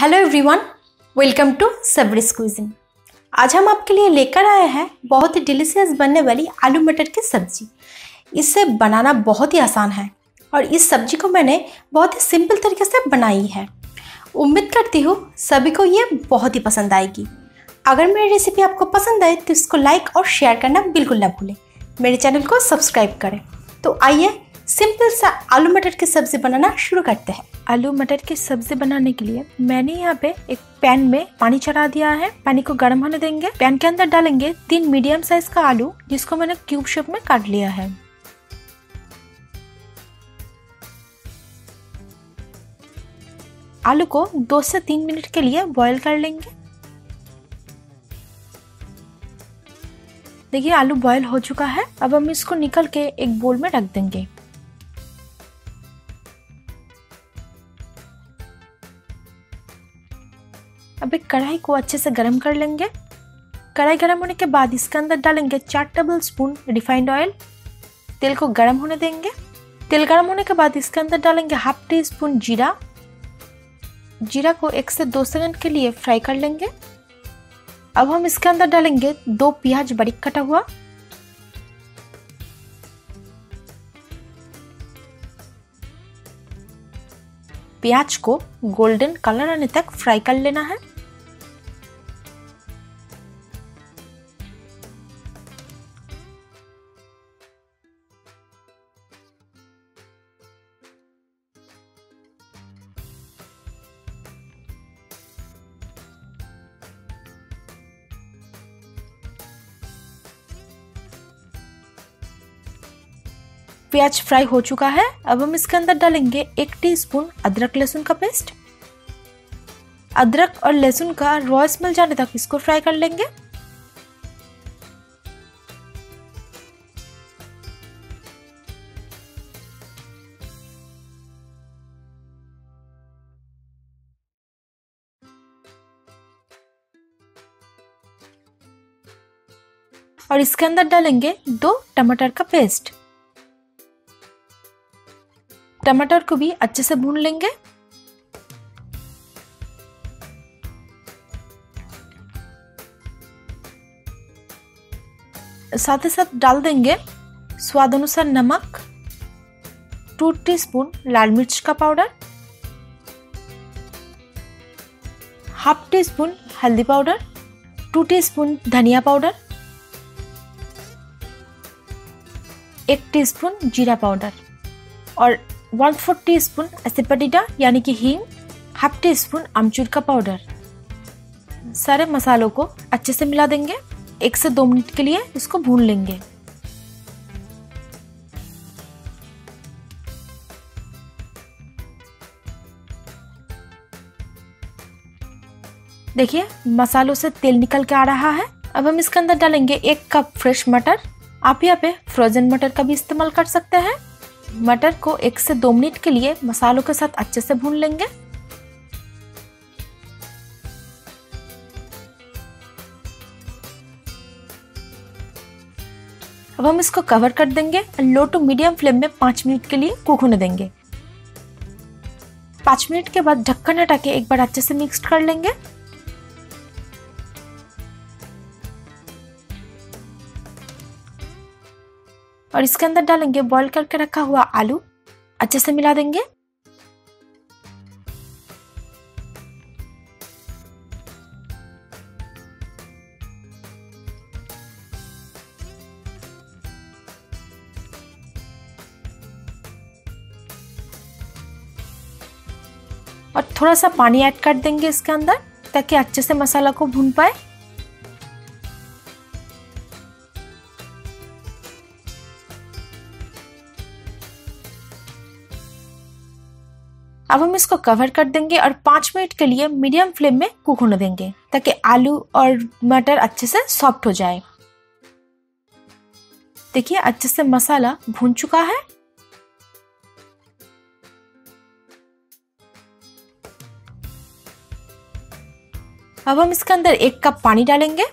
hello everyone welcome to सबरिस cuisine आज हम आपके लिए लेकर आए हैं बहुत ही डिलीशियस बनने वाली आलू मटर की सब्ज़ी इसे बनाना बहुत ही आसान है और इस सब्ज़ी को मैंने बहुत ही सिंपल तरीके से बनाई है उम्मीद करती हूँ सभी को ये बहुत ही पसंद आएगी अगर मेरी रेसिपी आपको पसंद आए तो इसको लाइक और शेयर करना बिल्कुल ना भूलें मेरे चैनल को सब्सक्राइब करें तो आइए सिंपल सा आलू मटर की सब्जी बनाना शुरू करते हैं आलू मटर की सब्जी बनाने के लिए मैंने यहाँ पे एक पैन में पानी चढ़ा दिया है पानी को गर्म होने देंगे पैन के अंदर डालेंगे तीन मीडियम साइज का आलू जिसको मैंने क्यूब शेप में काट लिया है आलू को दो से तीन मिनट के लिए बॉईल कर लेंगे देखिए आलू बॉईल हो चुका है अब हम इसको निकल के एक बोल में रख देंगे कढ़ाई को अच्छे से गर्म कर लेंगे कढ़ाई गर्म होने के बाद इसके अंदर डालेंगे चार टेबल स्पून रिफाइंड ऑयल तेल को गर्म होने देंगे तेल गर्म होने के बाद इसके अंदर डालेंगे हाफ टी स्पून जीरा जीरा को एक से दो सेकंड के लिए फ्राई कर लेंगे अब हम इसके अंदर डालेंगे दो प्याज बारीक कटा हुआ प्याज को गोल्डन कलर आने तक फ्राई कर लेना है प्याज फ्राई हो चुका है अब हम इसके अंदर डालेंगे एक स्पून अदरक लहसुन का पेस्ट अदरक और लहसुन का रॉ स्मेल जाने तक इसको फ्राई कर लेंगे और इसके अंदर डालेंगे दो टमाटर का पेस्ट टमाटर को भी अच्छे से भून लेंगे साथ ही साथ डाल देंगे स्वाद अनुसार नमक टू टीस्पून लाल मिर्च का पाउडर हाफ टी स्पून हल्दी पाउडर टू टीस्पून धनिया पाउडर एक टीस्पून जीरा पाउडर और one fourth teaspoon asafoetida यानी कि हींग हाफ टी स्पून अमचूर का पाउडर सारे मसालों को अच्छे से मिला देंगे एक से दो मिनट के लिए इसको भून लेंगे देखिए मसालों से तेल निकल के आ रहा है अब हम इसके अंदर डालेंगे एक कप फ्रेश मटर आप यहाँ पे फ्रोजन मटर का भी इस्तेमाल कर सकते हैं मटर को एक से दो मिनट के लिए मसालों के साथ अच्छे से भून लेंगे अब हम इसको कवर कर देंगे और लो टू मीडियम फ्लेम में पांच मिनट के लिए कुक होने देंगे पांच मिनट के बाद ढक्कन हटा के एक बार अच्छे से मिक्स कर लेंगे और इसके अंदर डालेंगे बॉईल करके रखा हुआ आलू अच्छे से मिला देंगे और थोड़ा सा पानी ऐड कर देंगे इसके अंदर ताकि अच्छे से मसाला को भून पाए अब हम इसको कवर कर देंगे और पांच मिनट के लिए मीडियम फ्लेम में कुक होने देंगे ताकि आलू और मटर अच्छे से सॉफ्ट हो जाए देखिए अच्छे से मसाला भून चुका है अब हम इसके अंदर एक कप पानी डालेंगे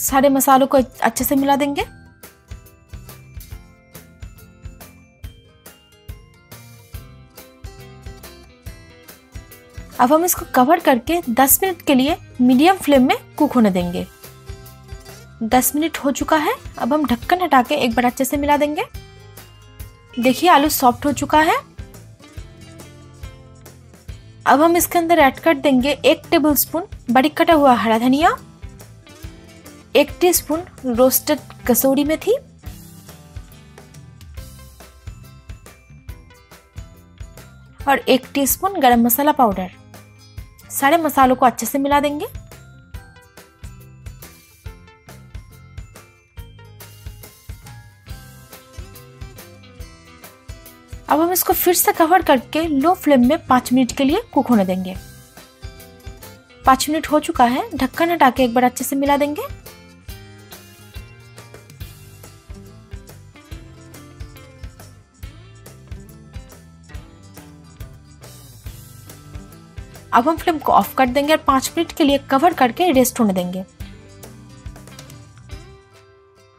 सारे मसालों को अच्छे से मिला देंगे अब हम इसको कवर करके 10 मिनट के लिए मीडियम फ्लेम में कुक होने देंगे 10 मिनट हो चुका है अब हम ढक्कन हटा के एक बार अच्छे से मिला देंगे देखिए आलू सॉफ्ट हो चुका है अब हम इसके अंदर ऐड कर देंगे एक टेबल स्पून बारीक कटा हुआ हरा धनिया एक टीस्पून रोस्टेड कसूरी मेथी और एक टीस्पून गरम मसाला पाउडर सारे मसालों को अच्छे से मिला देंगे अब हम इसको फिर से कवर करके लो फ्लेम में पाँच मिनट के लिए कुक होने देंगे पाँच मिनट हो चुका है ढक्कन हटा के एक बार अच्छे से मिला देंगे अब हम फ्लेम को ऑफ कर देंगे और पाँच मिनट के लिए कवर करके रेस्ट होने देंगे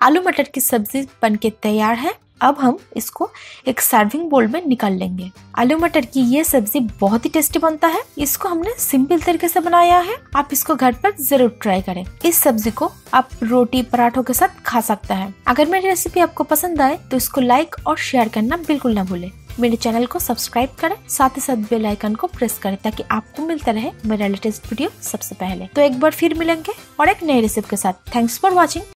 आलू मटर की सब्जी बनके तैयार है अब हम इसको एक सर्विंग बोल में निकाल लेंगे आलू मटर की ये सब्जी बहुत ही टेस्टी बनता है इसको हमने सिंपल तरीके से बनाया है आप इसको घर पर जरूर ट्राई करें इस सब्जी को आप रोटी पराठों के साथ खा सकते हैं अगर मेरी रेसिपी आपको पसंद आए तो इसको लाइक और शेयर करना बिल्कुल ना भूले मेरे चैनल को सब्सक्राइब करें साथ ही साथ बेल आइकन को प्रेस करें ताकि आपको मिलता रहे मेरा लेटेस्ट वीडियो सबसे पहले तो एक बार फिर मिलेंगे और एक नए रेसिपी के साथ थैंक्स फॉर वॉचिंग